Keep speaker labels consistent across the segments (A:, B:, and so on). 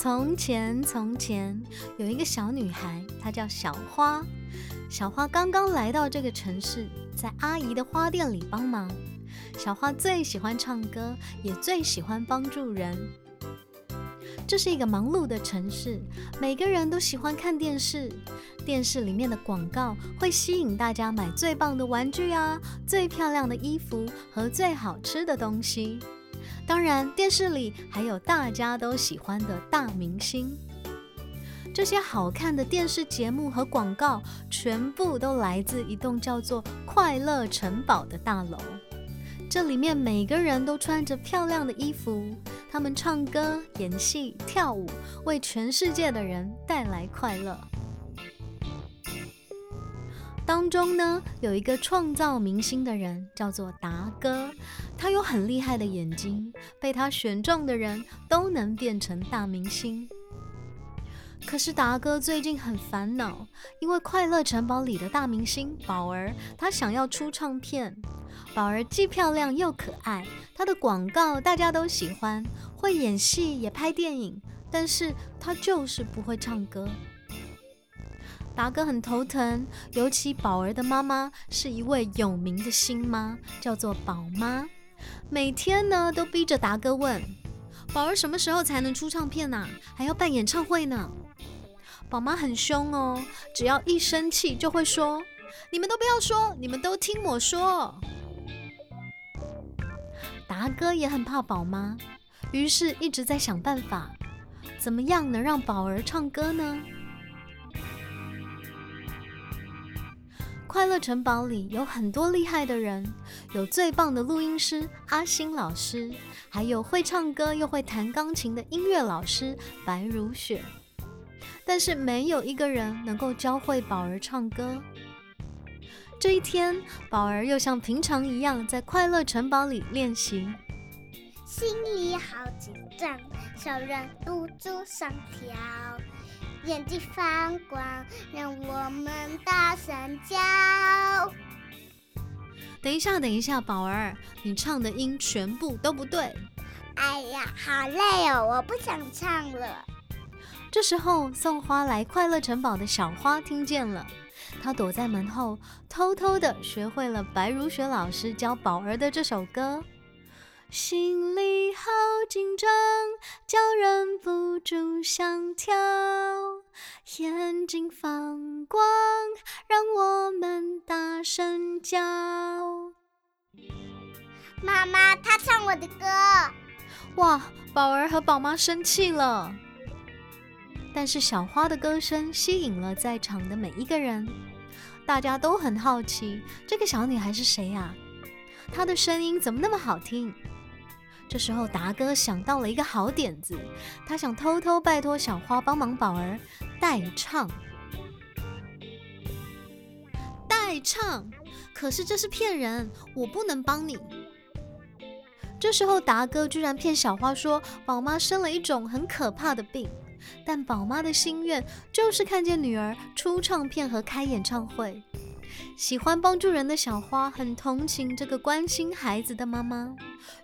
A: 從前，從前，從前有一個小女孩，她叫小花。小花剛剛來到這個城市，在阿姨的花店裡幫忙。小花最喜歡唱歌，也最喜歡幫助人。這是一個忙碌的城市，每個人都喜歡看電視。電視裡面的廣告會吸引大家買最棒的玩具啊，最漂亮的衣服和最好吃的東西。當然，電視裡還有大家都喜歡的大明星。這些好看的電視節目和廣告，全部都來自一棟叫做“快樂城堡”的大樓。這裡面每個人都穿着漂亮的衣服，他們唱歌、演戲、跳舞，為全世界的人帶來快樂。當中呢，有一個創造明星的人，叫做達哥。他有很厲害的眼睛，被他選中的人都能變成大明星。可是達哥最近很煩惱，因為快樂城堡裡的大明星寶兒，他想要出唱片。寶兒既漂亮又可愛，她的廣告大家都喜歡，會演戲也拍電影，但是她就是不會唱歌。達哥很頭疼，尤其，寶兒的媽媽是一位有名的星媽，叫做寶媽，每天呢都逼着達哥問寶兒什麼時候才能出唱片吶、啊，還要辦演唱會呢？寶媽很兇哦，只要一生氣就會說：“你們都不要說，你們都聽我說。”達哥也很怕寶媽，於是一直在想辦法，怎麼樣能讓寶兒唱歌呢？快樂城堡裡有很多厲害的人，有最棒的錄音師阿星老師，還有會唱歌又會彈鋼琴的音樂老師白如雪。但是沒有一個人能夠教會寶兒唱歌。這一天，寶兒又像平常一樣在快樂城堡裡練習。
B: 心裡好緊張，小人不住上
A: 跳，
B: 眼睛放光，讓我們大聲叫。
A: 等一下，等一下，寶兒，你唱的音全部都不對。哎呀，好累哦，我不想唱了。這時候，送花來快樂城堡的小花聽見了，她躲在門後，偷偷的學會了白如雪老師教寶兒的這首歌。心裡好緊張，叫忍不住想跳，眼睛放光，讓我們大聲叫。媽媽，
B: 她唱我的歌。
A: 哇，寶兒和寶媽生氣了，但是小花的歌聲吸引了在場的每一個人，大家都很好奇這個小女孩是誰呀、啊？她的聲音怎麼那麼好聽？這時候達哥想到了一個好點子，他想偷偷拜託小花幫忙寶兒代唱。代唱，可是這是騙人，我不能幫你。這時候達哥居然騙小花說，寶媽生了一種很可怕的病，但寶媽的心願就是看見女兒出唱片和開演唱會。喜歡幫助人的小花很同情這個關心孩子的媽媽，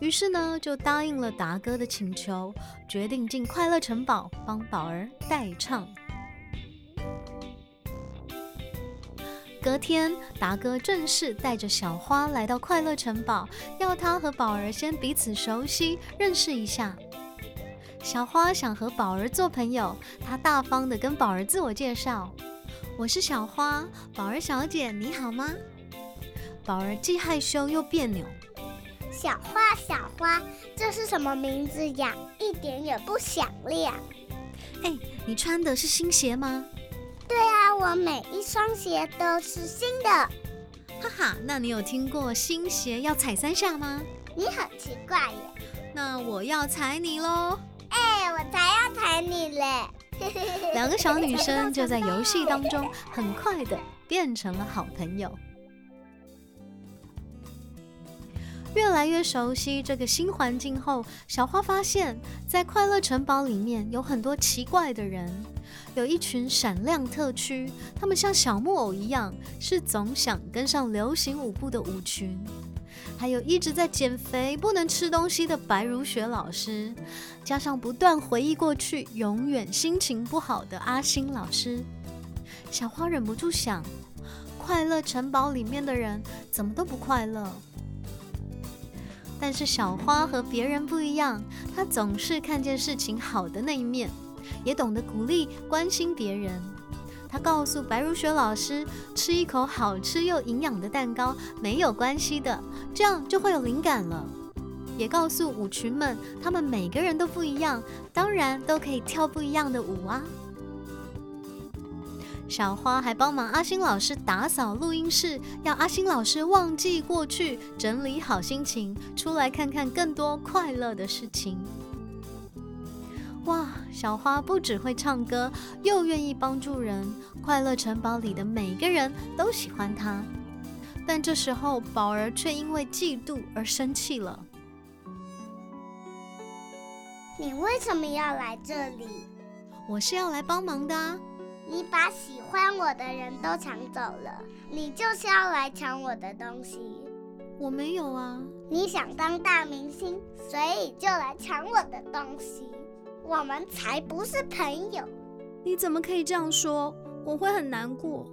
A: 於是呢就答應了達哥的請求，決定進快樂城堡幫寶兒代唱。隔天，達哥正式帶着小花來到快樂城堡，要她和寶兒先彼此熟悉，認識一下。小花想和寶兒做朋友，她大方地跟寶兒自我介紹。我是小花，寶兒小姐，你好嗎？寶兒既害羞又彆扭。小
B: 花，小花，這是什麼名字呀？一點也不響亮。
A: 嘿，你穿的是新鞋嗎？對啊，我每一雙鞋都是新的。哈哈，那你有聽過新鞋要踩三下嗎？你很奇怪耶。那我要踩你嘍。誒，我才要踩你嘞。
B: 兩個小女生
A: 就在遊戲當中，很快地變成了好朋友。越來越熟悉這個新環境後，小花發現，在快樂城堡裡面有很多奇怪的人，有一群閃亮特區，他們像小木偶一樣，是總想跟上流行舞步的舞群。還有一直在減肥不能吃東西的白如雪老師，加上不斷回憶過去永遠心情不好的阿星老師，小花忍不住想，快樂城堡裡面的人怎麼都不快樂。但是小花和別人不一樣，她總是看見事情好的那一面，也懂得鼓勵關心別人。告訴白如雪老師，吃一口好吃又營養的蛋糕沒有關係的，這樣就會有靈感了。也告訴舞群們，他們每個人都不一樣，當然都可以跳不一樣的舞啊。小花還幫忙阿星老師打掃錄音室，要阿星老師忘記過去，整理好心情，出來看看更多快樂的事情。哇，小花不只會唱歌，又願意幫助人，快樂城堡裡的每個人都喜歡她。但這時候，寶兒卻因為嫉妒而生氣了。你為什麼要來
B: 這裡？我是要來幫忙的啊。你把喜歡我的人都搶走了，你就是要來搶我的東西。我沒有啊。你想當大明星，所以就來搶我的東西。我們才不是
A: 朋友！你怎麼可以這樣說？我會很難過。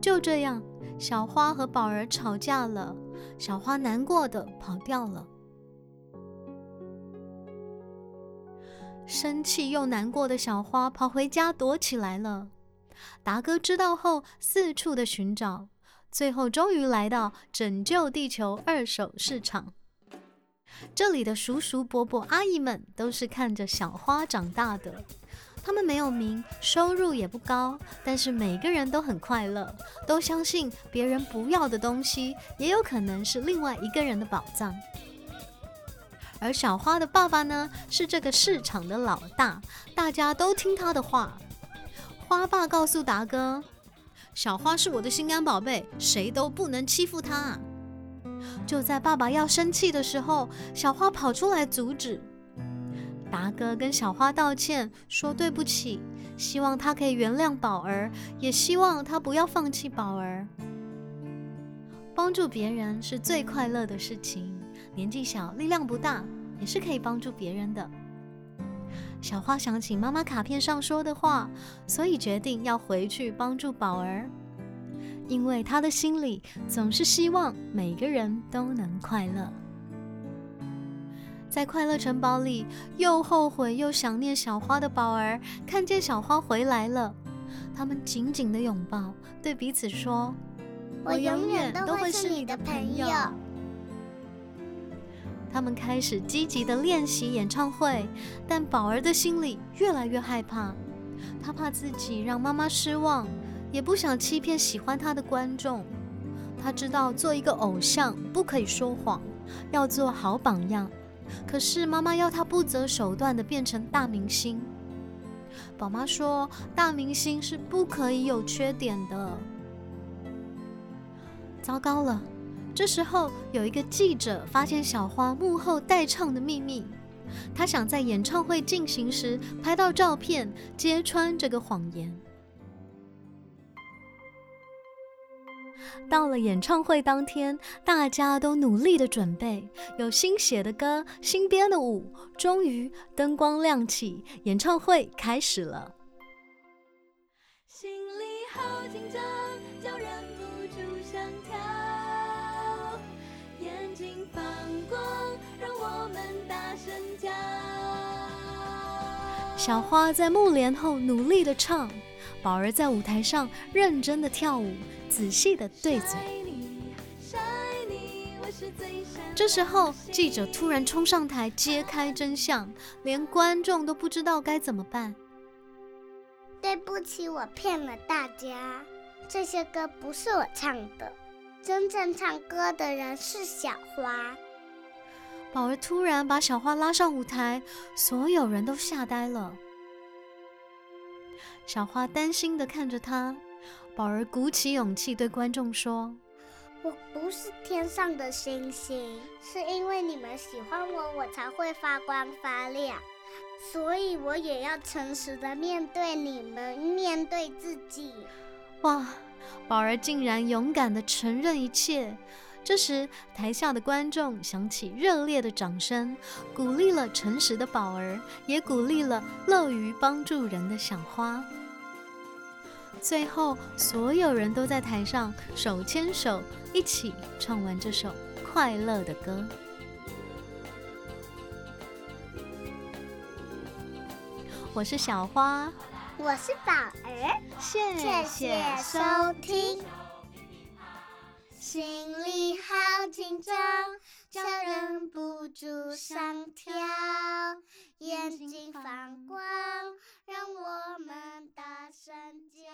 A: 就這樣，小花和寶兒吵架了。小花難過的跑掉了。生氣又難過的小花跑回家躲起來了。達哥知道後，四處的尋找，最後終於來到拯救地球二手市場。這裡的叔叔、伯伯、阿姨們都是看着小花長大的，他們沒有名，收入也不高，但是每個人都很快樂，都相信別人不要的東西也有可能是另外一個人的寶藏。而小花的爸爸呢，是這個市場的老大，大家都聽他的話。花爸告訴達哥：“小花是我的心肝寶貝，誰都不能欺負她。”就在爸爸要生氣的時候，小花跑出來阻止。達哥跟小花道歉，說對不起，希望他可以原諒寶兒，也希望他不要放棄寶兒。幫助別人是最快樂的事情，年紀小，力量不大，也是可以幫助別人的。小花想起媽媽卡片上說的話，所以決定要回去幫助寶兒。因為他的心裡總是希望每個人都能快樂。在快樂城堡裡，又後悔又想念小花的寶兒看見小花回來了，他們緊緊地擁抱，對彼此說：“我永遠都會是你的朋友。朋友”他們開始積極地練習演唱會，但寶兒的心裡越來越害怕，他怕自己讓媽媽失望。也不想欺騙喜歡他的觀眾，他知道做一個偶像不可以說謊，要做好榜樣。可是媽媽要他不擇手段地變成大明星。寶媽說：“大明星是不可以有缺點的。”糟糕了！這時候有一個記者發現小花幕後代唱的秘密，他想在演唱會進行時拍到照片，揭穿這個謊言。到了演唱會當天，大家都努力的準備，有新寫的歌，新編的舞。終於燈光亮起，演唱會開始了。心裡好緊張，就忍不住想跳，眼睛放光，讓我們大聲叫。小花在幕簾後努力的唱，寶兒在舞台上認真的跳舞。仔細的對嘴。這時候，記者突然衝上台揭開真相，連觀眾都不知道該怎麼辦。對不起，我騙了大家，
B: 這些歌不是我唱的，真正唱歌的人是小花。
A: 寶兒突然把小花拉上舞台，所有人都嚇呆了。小花擔心的看着他。寶兒鼓起勇氣對觀眾說：“
B: 我不是天上的星星，是因為你們喜歡我，我才會發光發亮。所以我也要誠實的面對你們，面對自己。”
A: 哇！寶兒竟然勇敢的承認一切。這時，台下的觀眾響起熱烈的掌聲，鼓勵了誠實的寶兒，也鼓勵了樂於幫助人的小花。最後，所有人都在台上手牽手，一起唱完這首快樂的歌。我是小花，
B: 我是寶兒，謝謝收聽。心裡好緊張，就忍不住上跳，眼睛放光，讓我們大聲叫。